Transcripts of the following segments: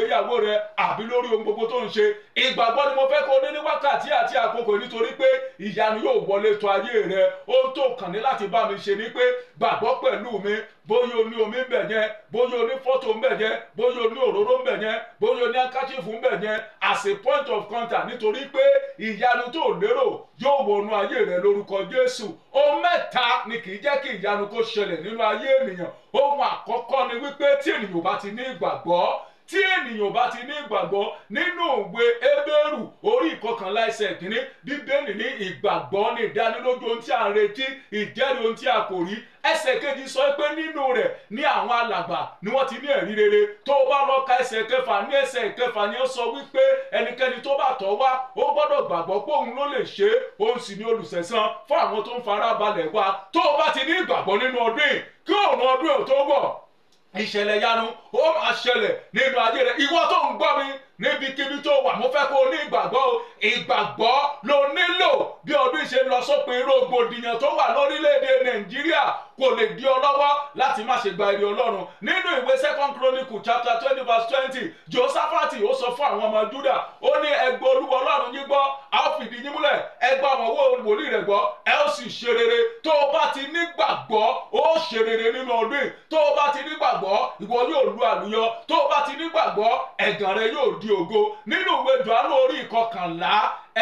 ìgbéyàwó rẹ àbí lórí ohun gbogbo tó ń ṣe ìgbàgbọ́ ni mo fẹ́ kó ní ní wákàtí àti àkókò nítorí pé ìyanu yóò wọlé tọ̀ ayé rẹ ohun tó kàn ní láti bá mi ṣe ni pé gbàgbọ́ pẹ̀lú mi bóyá o omi ń bẹ̀ yẹn bóyá o fọ́tò ń bẹ̀ yẹn bóyá o òróró ń bẹ̀ yẹn bóyá o ní ń bẹ̀ yẹn as a point of contact nítorí pé ìyanu tó lérò yóò wọnú ayé rẹ lórúkọ Jésù ohun mẹ́ta ni kì í jẹ́ kí ìyanu kó ṣẹlẹ̀ nínú ayé ènìyàn ohun àkọ́kọ́ ni wípé tí ènìyàn bá ti ní ìgbàgbọ́ tí ènìyàn bá ti ní ìgbàgbọ́ nínú òwe ebéèrù orí ìkọkànlá ẹsẹ̀ kìíní bíbélì ní ìgbàgbọ́ ní ìdánilójú ohun tí a ń retí ìjẹ́rìí ohun tí a kò rí ẹsẹ̀ kejì sọ pé nínú rẹ̀ ní àwọn alàgbà ni wọ́n ti ní ẹ̀rí rere tó bá lọ ka ẹsẹ̀ kẹfà ní ẹsẹ̀ kẹfà ni ó sọ wípé ẹnikẹ́ni tó bá tọ̀ wá ó gbọ́dọ̀ gbàgbọ́ pé òun ló lè ṣe é òun sì ni olùsẹ̀san fún àwọn tó ń farabalẹ̀ wá tó bá ti ní ìgbàgbọ́ nínú ọdún yìí kí òun ọdún yìí tó wọ̀ ìṣẹ̀lẹ̀ yanu ó máa ṣẹlẹ̀ nínú ayé rẹ ìwọ tó ń gbọ́ mi níbikíbi tó wà mo fẹ́ kó o ní ìgbàgbọ́ o ìgbàgbọ́ ló nílò bí ọdún ìṣe lọ sópin rògbòdìyàn tó wà lórílẹ̀‐èdè nàìjíríà kò lè di ọ lọ́wọ́ láti má ṣe gba èrè ọlọ́run nínú ìwé second chronicle chapter twenty verse twenty josafati ó sọ fún àwọn ọmọ juda ó ní ẹgbẹ́ olúwa ọlọ́run yín gbọ́ a ó fìdí yín múlẹ̀ ẹgbẹ́ àwọn owó wòlíì rẹ̀ gbọ́ ẹ ó sì ṣe rere tó o bá ti nígbàgbọ́ ó ṣe rere nínú ọdún tó o bá ti nígbàgbọ́ ìwọ yóò lu àlùyọ tó o bá ti nígbàgbọ́ ẹ̀gàn rẹ yóò d di ògo nínú ìwé Jòhánù orí ìkọkànlá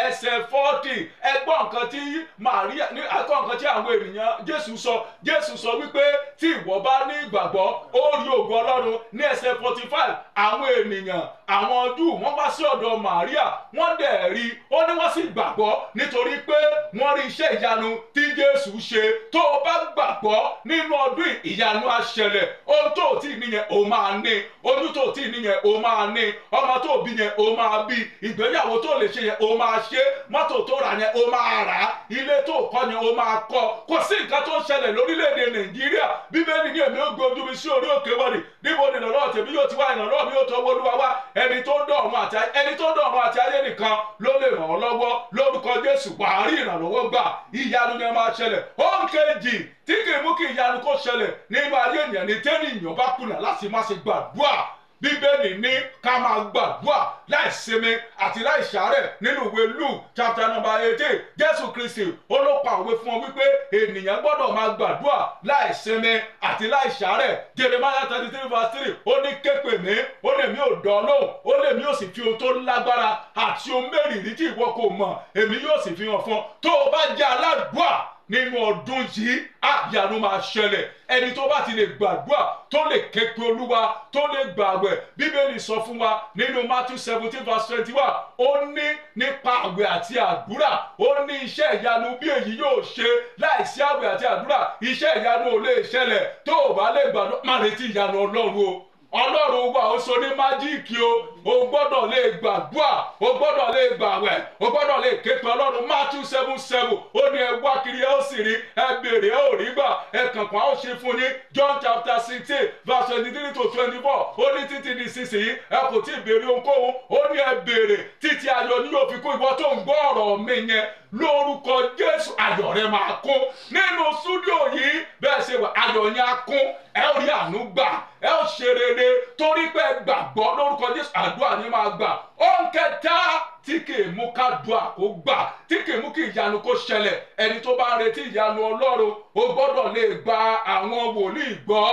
ẹsẹ̀ fọ́tì ẹgbọ́n nǹkan tí Màríà ẹgbọ́n nǹkan tí àwọn ènìyàn Jésù sọ Jésù sọ wípé tí ìwọ bá ní ìgbàgbọ́ ó rí ògo ọlọ́run ní ẹsẹ̀ forty five àwọn ènìyàn àwọn júù wọ́n wá sí ọ̀dọ̀ Màríà wọ́n dẹ̀ rí ó ní wọ́n sì gbàgbọ́ nítorí pé wọ́n rí iṣẹ́ ìyanu tí Jésù ṣe tó o bá gbàgbọ́ nínú ọdún ìyanu á ṣẹlẹ̀ ohun tó o tí ì níyẹn o máa ní ojú tó o tí ì níyẹn o máa ní ọmọ tó o bí yẹn o máa bí ìgbéyàwó tó o lè ṣe yẹn o máa ṣe mọ́tò tó rà yẹn o máa rà ilé tó o kọ́ yẹn o máa kọ́ kò sí nǹkan tó ń ṣẹlẹ̀ lórílẹ̀‐èdè Nàìjíríà bíbélì ní èmi ó gbé ojú mi sí orí òkè wọlé níbo ni ìrànlọ́wọ́ tèmi yóò ti wá ìrànlọ́wọ́ mi yóò tó wọlé wa wá ẹni tó ń dọ̀run àti ayé ẹni tó ń dọ̀run àti ayé nìkan ló lè ràn ọ́ lọ́wọ́ lórúkọ jésù wàá rí ìrànlọ́wọ́ gbà ìyanu ni ẹ máa ṣẹlẹ̀ ó ń kejì tí kì í mú kí ìyanu kó ṣẹlẹ̀ nínú ayé ènìyàn ní tẹ́lẹ̀ ènìyàn bá kùnà láti má ṣe gbàdúrà bíbélì ní ká máa gbàdúrà láìsinmi àti láìsàárẹ̀ nínú ìwé Luke chapter number eighteen Jésù Kristi olópa òwe fún ọ wípé ènìyàn gbọ́dọ̀ máa gbàdúrà láìsinmi àti láìsàárẹ̀ Jeremiah thirty three verse three ó ní képè mí ó lè mí ò dán lóhùn ó lè mí ò sì fi ohun tó lágbára àti ohun mẹ́rìndínlẹ́jì ìwọ kò mọ̀ èmi yóò sì fi hàn fún ọ tó o bá jẹ́ aládùúà nínú ọdún yìí àyànú máa ṣẹlẹ̀ ẹni tó bá ti lè gbàdúrà tó lè képe olúwa tó lè gbààwẹ̀ bíbélì sọ fún wa nínú matthew seventeen verse twenty one ó ní nípa àwẹ̀ àti àdúrà ó ní iṣẹ́ ìyanu bí èyí yóò ṣe láìsí àwẹ̀ àti àdúrà iṣẹ́ ìyanu ò lè ṣẹlẹ̀ tó o bá lè gbàdúrà má retí ìyanu ọlọ́run o ọlọ́run wa ó so ní májíìkì o o gbọ́dọ̀ lè gbàdúà o gbọ́dọ̀ lè gbàwẹ̀ o gbọ́dọ̀ lè képe ọlọ́run matthew seven seven ó ní ẹ wá kiri ẹ ó sì rí ẹ béèrè ẹ ò rí gbà ẹ kànkàn á ó ṣe fún yín john chapter sixteen verse twenty three to twenty four ó ní títí di sísìnyí ẹ kò tí ì béèrè ohunkóhun ó ní ẹ béèrè títí ayọ̀ ni yóò fi kún ìwọ tó ń gbọ́ ọ̀rọ̀ mi yẹn lórúkọ jésù ayọ̀ rẹ máa kún nínú súdíò yìí bẹ́ẹ̀ ṣe wà ayọ̀ yẹn á kún ẹ ó rí àánú gbà ẹ ó ṣe rere torí pé ẹ gbàgbọ́ lórúkọ Jésù àdúrà ni máa gbà ó ń kẹta tí kì í mú kádùá kó gbà tí kì í mú kí ìyanu kó ṣẹlẹ̀ ẹni tó bá ń retí ìyanu Ọlọ́run ó gbọ́dọ̀ lè gba àwọn wòlíì gbọ́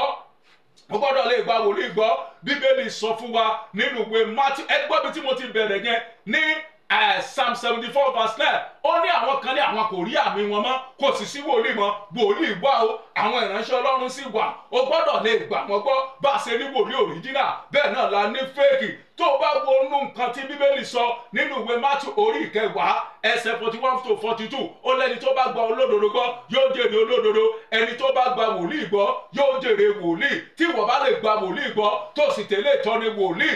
mo gbọ́dọ̀ lè gba wòlíì gbọ́ bíbélì sọ fún wa nínú ìwé Matthew ẹ gbọ́ tí mo ti bẹ̀rẹ̀ yẹn ní Eh, psalm seventy four verse nine ó ní àwọn kan ní àwọn kò rí àmì wọn mọ́ kò sì sí wòlíì mọ́ wòlíì wà o àwọn ìránṣẹ́ ọlọ́run sì wà o gbọ́dọ̀ lè gbà wọ́n gbọ́ bá a ṣe ní wòlíì òríjínà bẹ́ẹ̀ náà la ní fẹ́ẹ̀kì tó o bá wo inú nǹkan tí bíbélì sọ nínú ìwé mátù orí ìkẹwàá ẹsẹ̀ forty one to forty two ó lẹ́ni tó bá gba olódodo gbọ́ yóò jèrè olódodo ẹni tó bá gba wòlíì gbọ́ yóò jèrè wòlíì tí wọ́n bá lè gba wòlíì gbọ́ tó sì tẹ̀lé ìtọ́ni wòlíì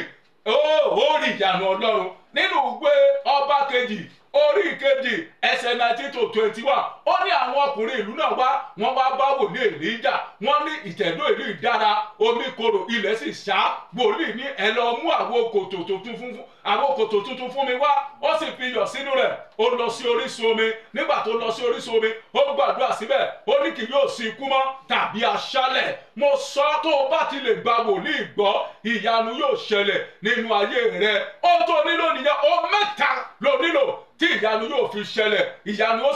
ó rí ìyànà ọlọ́run nínú ìwé ọba kejì orí ìkejì ẹsẹ̀ nineteen to twenty one ó ní àwọn ọkùnrin ìlú náà wá wọ́n wá bá wòlíì èlíjà wọ́n ní ìtẹ̀dó ìlú ìdára omi korò ilẹ̀ sì ṣá wòlíì ní ẹ lọ mú àwo kòtò tuntun fún àwo kòtò tuntun fún mi wá ó sì fi iyọ̀ sínú rẹ̀ ó lọ sí orísun omi nígbà tó lọ sí orísun omi ó gbàdúrà síbẹ̀ ó ní kì yóò sí ikú mọ́ tàbí aṣálẹ̀ mo sọ tó o bá ti lè gba wòlíì gbọ́ ìyanu yóò ṣẹlẹ̀ nínú ayé rẹ ó tó ní nìyẹn ó mẹ́ta ló nílò tí ìyanu yóò fi ṣẹlẹ̀ ìyanu ó